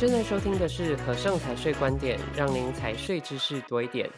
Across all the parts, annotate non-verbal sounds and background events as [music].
正在收聽的是和盛財稅觀點，讓您財稅知識多一點。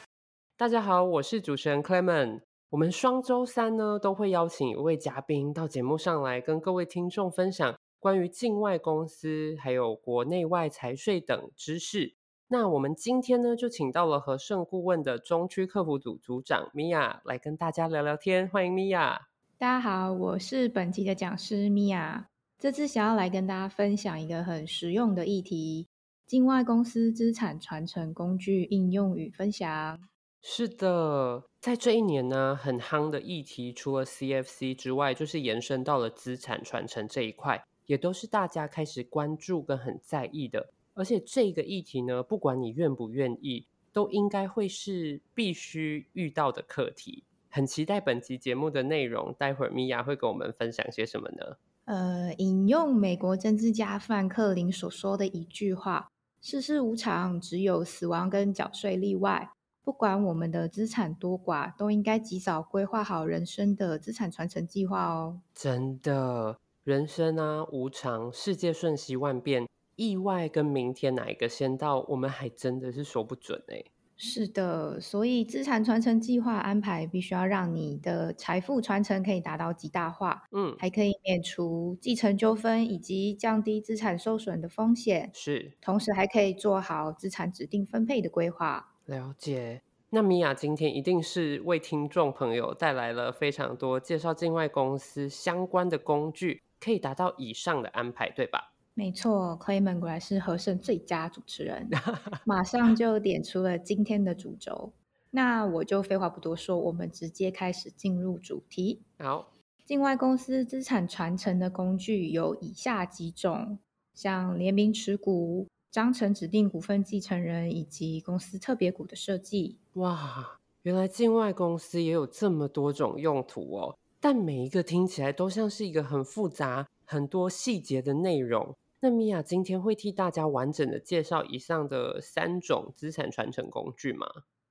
大家好，我是主持人 Clement。我們雙周三呢都會邀請一位嘉賓到節目上來跟各位聽眾分享關於境外公司還有國內外財稅等知識。那我們今天呢就請到了和盛顧問的中區客服組組長 Mia 來跟大家聊聊天。歡迎 Mia。大家好，我是本期的講師 Mia。這次想要來跟大家分享一個很實用的議題：境外公司資產傳承工具應用與分享。是的，在這一年呢，很夯的議題除了 CFC 之外，就是延伸到了資產傳承這一塊，也都是大家開始關注跟很在意的。而且這個議題呢，不管你願不願意，都應該會是必須遇到的課題。很期待本期節目的內容，待會兒米亞會跟我們分享些什麼呢？呃，引用美國政治家富蘭克林所說的一句話：“世事無常，只有死亡跟繳稅例外。不管我們的資產多寡，都應該及早規劃好人生的資產傳承計劃哦。”真的，人生啊無常，世界瞬息萬變，意外跟明天哪一個先到，我們還真的是說不準哎、欸。是的，所以資產傳承計劃安排必須要讓你的財富傳承可以達到極大化，嗯，還可以免除繼承糾紛以及降低資產受損的風險，是，同時還可以做好資產指定分配的規劃。了解，那 Mia 今天一定是為聽眾朋友帶來了非常多介紹境外公司相關的工具，可以達到以上的安排，對吧？沒錯，Clayman 果然是荷盛最佳主持人，馬上就點出了今天的主軸。 [laughs] 那我就廢話不多說，我們直接開始進入主題。好，境外公司資產傳承的工具有以下幾種：像聯名持股、章程指定股份繼承人，以及公司特別股的設計。哇，原來境外公司也有這麼多種用途哦！但每一個聽起來都像是一個很複雜。很多細節的內容，那 Mia 今天會替大家完整的介紹以上的三種資產傳承工具嗎？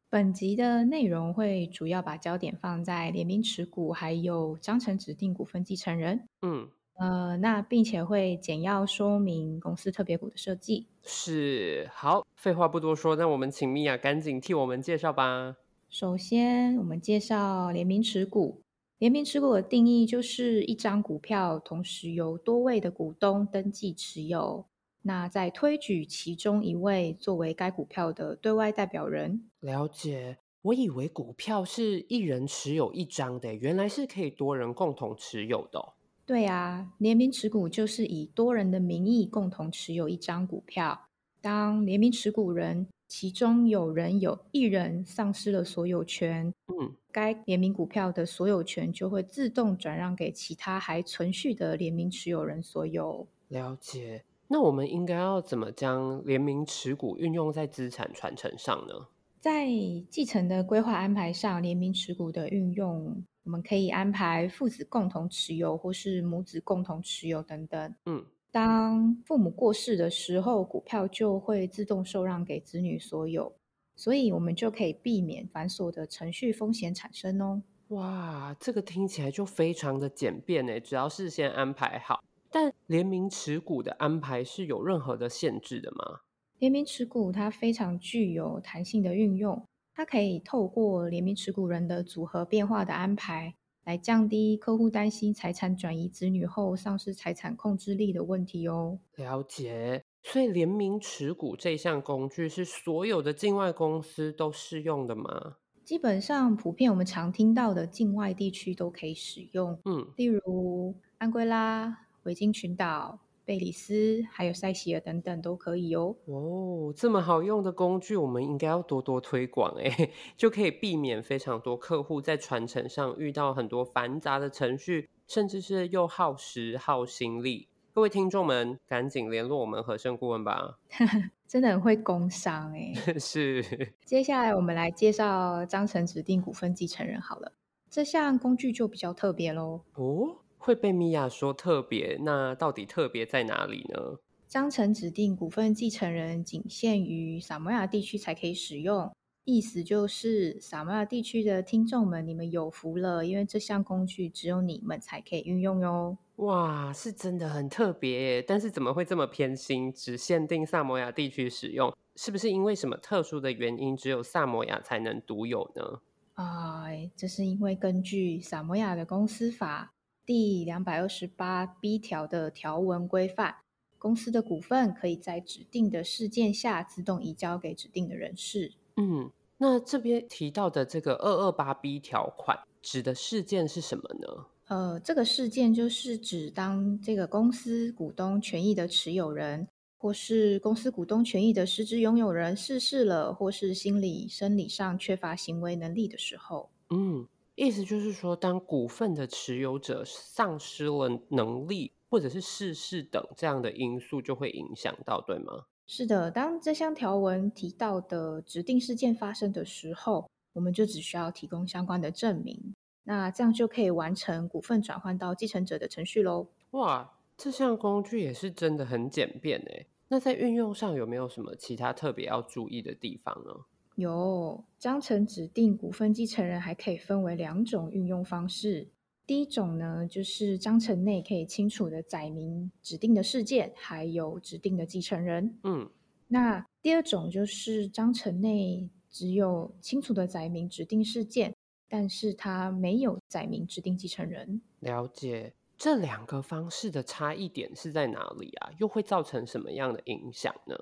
本集的內容會主要把焦點放在聯名持股，還有章程指定股份繼承人。嗯，呃，那並且會簡要說明公司特別股的設計。是，好，廢話不多說，那我們請 Mia 趕緊替我們介紹吧。首先，我們介紹聯名持股。聯名持股的定義就是一張股票同時由多位的股東登記持有，那再推舉其中一位作為該股票的對外代表人。了解，我以為股票是一人持有一張的，原來是可以多人共同持有的。對啊，聯名持股就是以多人的名義共同持有一張股票，當聯名持股人，其中有人有一人喪失了所有權，嗯，該聯名股票的所有權就會自動轉讓給其他還存續的聯名持有人所有。了解，那我們應該要怎麼將聯名持股運用在資產傳承上呢？在繼承的規劃安排上，聯名持股的運用，我們可以安排父子共同持有，或是母子共同持有等等。嗯。當父母過世的時候，股票就會自動受讓給子女所有，所以我們就可以避免繁瑣的程序風險產生哦。哇，這個聽起來就非常的簡便誒，只要事先安排好。但聯名持股的安排是有任何的限制的嗎？聯名持股它非常具有彈性的運用，它可以透過聯名持股人的組合變化的安排來降低客戶擔心財產轉移子女後喪失財產控制力的問題哦。了解，所以聯名持股這項工具是所有的境外公司都適用的嗎？基本上，普遍我們常聽到的境外地區都可以使用。嗯，例如安圭拉、維京群島。貝里斯還有塞西爾等等都可以哦。哦，這麼好用的工具，我們應該要多多推廣哎、欸，就可以避免非常多客戶在傳承上遇到很多繁雜的程序，甚至是又耗時耗心力。各位聽眾們，趕緊聯絡我們荷盛顧問吧呵呵！真的很會工商哎、欸。是。接下來我們來介紹章程指定股份繼承人好了，這項工具就比較特別嘍。哦。會被 Mia 說特別，那到底特別在哪裡呢？章程指定股份繼承人僅限於薩摩亞地區才可以使用，意思就是薩摩亞地區的聽眾們，你們有福了，因為這項工具只有你們才可以運用喲。哇，是真的很特別耶，但是怎麼會這麼偏心，只限定薩摩亞地區使用？是不是因為什麼特殊的原因，只有薩摩亞才能獨有呢？哎，這是因為根據薩摩亞的公司法。第兩百二十八 B 條的條文規範，公司的股份可以在指定的事件下自動移交給指定的人士。嗯，那這邊提到的這個二二八 B 條款指的事件是什麼呢？呃，這個事件就是指當這個公司股東權益的持有人，或是公司股東權益的實質擁有人逝世了，或是心理、生理上缺乏行為能力的時候。嗯。意思就是說，當股份的持有者喪失了能力，或者是逝世等這樣的因素，就會影響到，對嗎？是的，當這項條文提到的指定事件發生的時候，我們就只需要提供相關的證明，那這樣就可以完成股份轉換到繼承者的程序嘍。哇，這項工具也是真的很簡便誒。那在運用上有沒有什麼其他特別要注意的地方呢？有章程指定股份繼承人，還可以分為兩種運用方式。第一種呢，就是章程內可以清楚的載明指定的事件，還有指定的繼承人。嗯，那第二種就是章程內只有清楚的載明指定事件，但是他沒有載明指定繼承人。了解，這兩個方式的差異點是在哪裡啊？又會造成什麼樣的影響呢？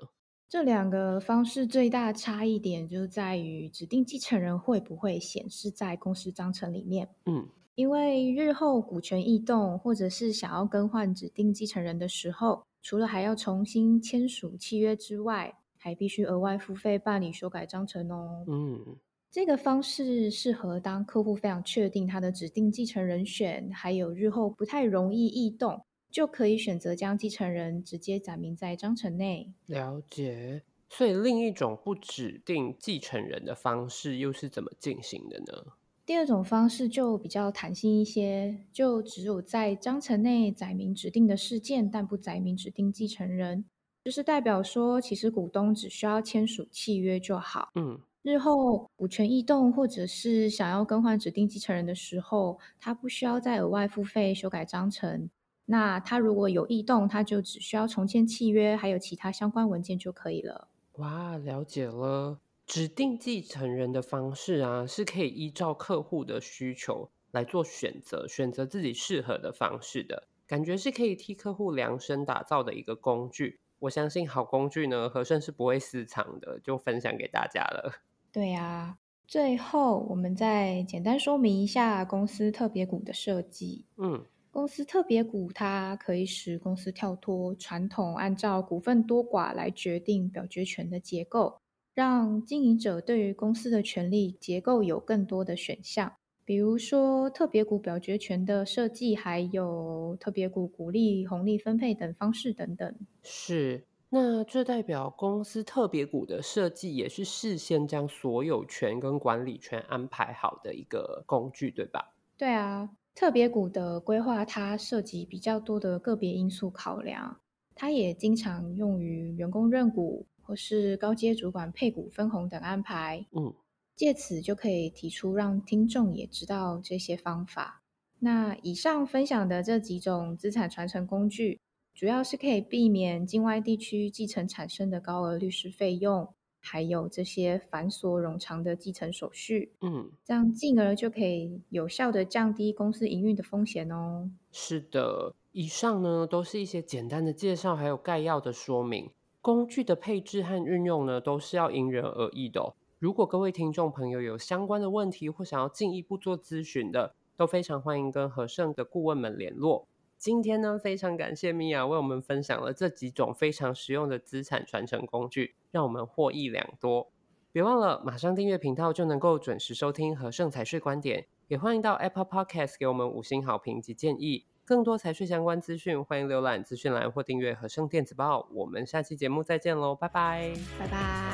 這兩個方式最大差異點就在於指定繼承人會不會顯示在公司章程裡面。嗯，因為日後股權異動或者是想要更換指定繼承人的時候，除了還要重新簽署契約之外，還必須額外付費辦理修改章程哦。嗯，這個方式適合當客戶非常確定他的指定繼承人選，還有日後不太容易異動。就可以選擇將繼承人直接載明在章程內。了解，所以另一種不指定繼承人的方式又是怎麼進行的呢？第二種方式就比較彈性一些，就只有在章程內載明指定的事件，但不載明指定繼承人，就是代表說，其實股東只需要簽署契約就好。嗯，日後股權異動或者是想要更換指定繼承人的時候，他不需要再額外付費修改章程。那他如果有異動，他就只需要重簽契約，還有其他相關文件就可以了。哇，了解了，指定繼承人的方式啊，是可以依照客戶的需求來做選擇，選擇自己適合的方式的。感覺是可以替客戶量身打造的一個工具。我相信好工具呢，荷盛是不會私藏的，就分享給大家了。對啊，最後我們再簡單說明一下公司特別股的設計。嗯。公司特別股，它可以使公司跳脫傳統按照股份多寡來決定表決權的結構，讓經營者對於公司的權利結構有更多的選項，比如說特別股表決權的設計，還有特別股股利、紅利分配等方式等等。是，那這代表公司特別股的設計也是事先將所有權跟管理權安排好的一個工具，對吧？對啊。特別股的規劃，它涉及比較多的個別因素考量，它也經常用於員工認股或是高階主管配股分紅等安排。嗯，借此就可以提出讓聽眾也知道這些方法。那以上分享的這幾種資產傳承工具，主要是可以避免境外地區繼承產生的高額律師費用。還有這些繁瑣冗長的繼承手續，嗯，這樣進而就可以有效地降低公司營運的風險哦。是的，以上呢都是一些簡單的介紹，還有概要的說明。工具的配置和運用呢，都是要因人而異的哦。如果各位聽眾朋友有相關的問題，或想要進一步做諮詢的，都非常歡迎跟荷盛的顧問們聯絡。今天呢，非常感謝 Mia 為我們分享了這幾種非常實用的資產傳承工具，讓我們獲益良多。別忘了馬上訂閱頻道，就能夠準時收聽荷盛財稅觀點。也歡迎到 Apple Podcast 給我們五星好評及建議。更多財稅相關資訊，歡迎瀏覽資訊欄或訂閱荷盛電子報。我們下期節目再見嘍，拜拜，拜拜。